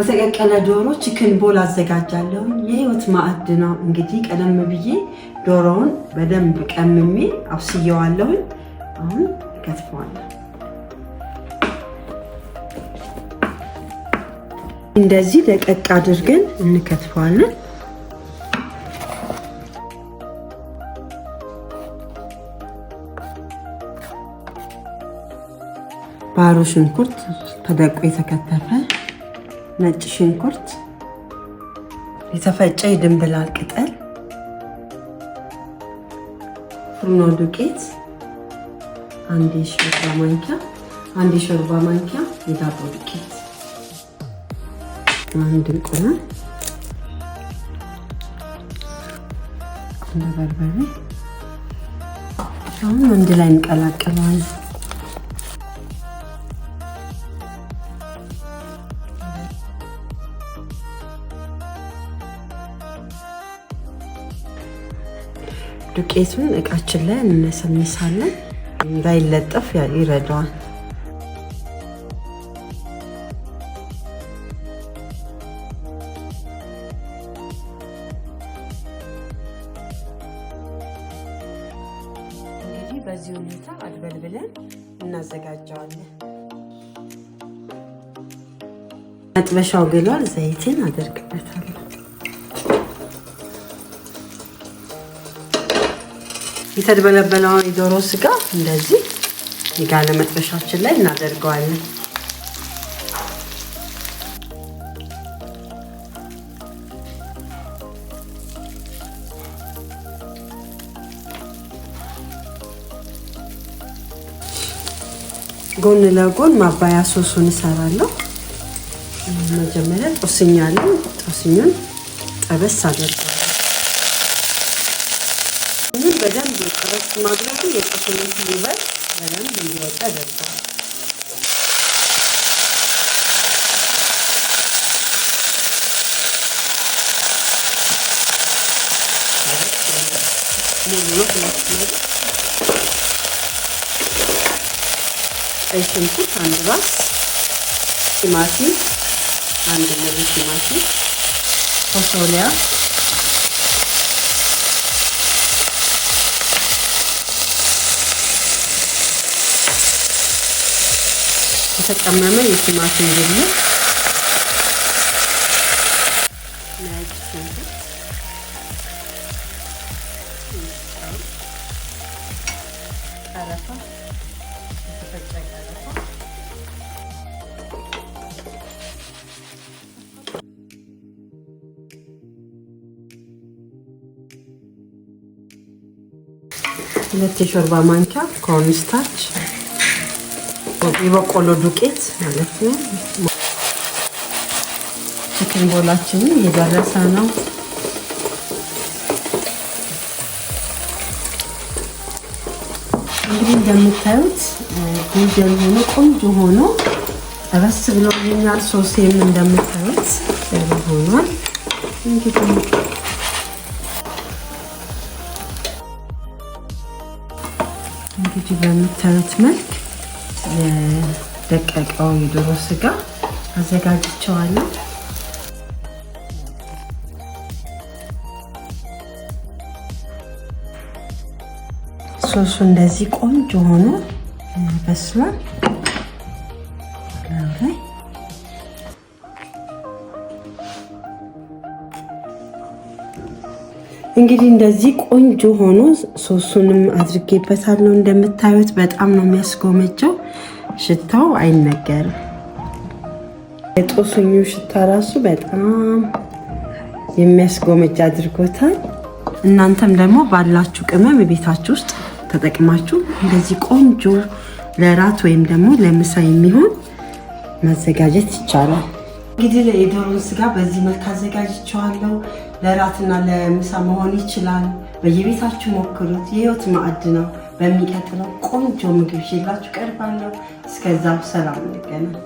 በተቀቀለ ዶሮ ቺክን ቦል አዘጋጃለሁ። የህይወት ማዕድ ነው እንግዲህ። ቀደም ብዬ ዶሮውን በደንብ ቀምሜ አብስየዋለሁኝ። አሁን ከትፈዋለሁ። እንደዚህ ደቀቅ አድርገን እንከትፈዋለን። ባሮ ሽንኩርት ተደቆ የተከተፈ ነጭ ሽንኩርት፣ የተፈጨ የድንብላል ቅጠል፣ ፍርኖ ዱቄት አንድ የሾርባ ማንኪያ፣ አንድ የሾርባ ማንኪያ የዳቦ ዱቄት፣ አንድ እንቁላል፣ አንድ በርበሬ። አሁን አንድ ላይ እንቀላቅለዋለን። ዱቄቱን እቃችን ላይ እንነሰንሳለን እንዳይለጠፍ ይረዳዋል። እንግዲህ በዚህ ሁኔታ አድበልብለን እናዘጋጀዋለን። መጥበሻው ግሏል። ዘይትን አደርግበታል። የተድበለበለውን የዶሮ ስጋ እንደዚህ የጋለ መጥበሻችን ላይ እናደርገዋለን። ጎን ለጎን ማባያ ሶሱን እሰራለሁ። መጀመሪያ ጦስኛለሁ። ጦስኙን ጠበስ አደርገዋለሁ። በደንብ ጥረት ማድረጉ የቁስሉን ውበት በደንብ እንዲወጣ ያደርገዋል። ቀይ ሽንኩርት አንድ ራስ፣ ቲማቲም አንድ ሙሉ ቲማቲም፣ ኮሶሊያ ተጠቀመመ የቲማቲም ድልህ ነጭ ሽንኩርት ቀረፋ የተፈጨ ቀረፋ ሁለት የሾርባ ማንኪያ ኮርንስታች የበቆሎ ዱቄት ማለት ነው። ቺክን ቦላችንን እየደረሰ ነው። እንግዲህ እንደምታዩት ጉንጀል ሆኖ ቆንጆ ሆኖ ረስ ብሎልኛል። ሶሴም እንደምታዩት ሆኗል። እንግዲህ እንግዲህ በምታዩት መልክ የደቀቀው የዶሮ ስጋ አዘጋጅቸዋለሁ። ሶሱ እንደዚህ ቆንጆ ሆኖ በስሏል። እንግዲህ እንደዚህ ቆንጆ ሆኖ ሶሱንም አድርጌበታለሁ። እንደምታዩት በጣም ነው የሚያስጎመጀው። ሽታው አይነገርም። የጦስኙ ሽታ ራሱ በጣም የሚያስጎመጅ አድርጎታል። እናንተም ደግሞ ባላችሁ ቅመም ቤታችሁ ውስጥ ተጠቅማችሁ እንደዚህ ቆንጆ ለራት ወይም ደግሞ ለምሳ የሚሆን ማዘጋጀት ይቻላል። እንግዲህ የዶሮን ስጋ በዚህ መልክ አዘጋጅቸዋለሁ። ለራትና ለምሳ መሆን ይችላል። በየቤታችሁ ሞክሩት። የህይወት ማዕድ ነው። በሚቀጥለው ቆንጆ ምግብ ይዤላችሁ ቀርባለሁ። እስከዛው ሰላም ነገናል።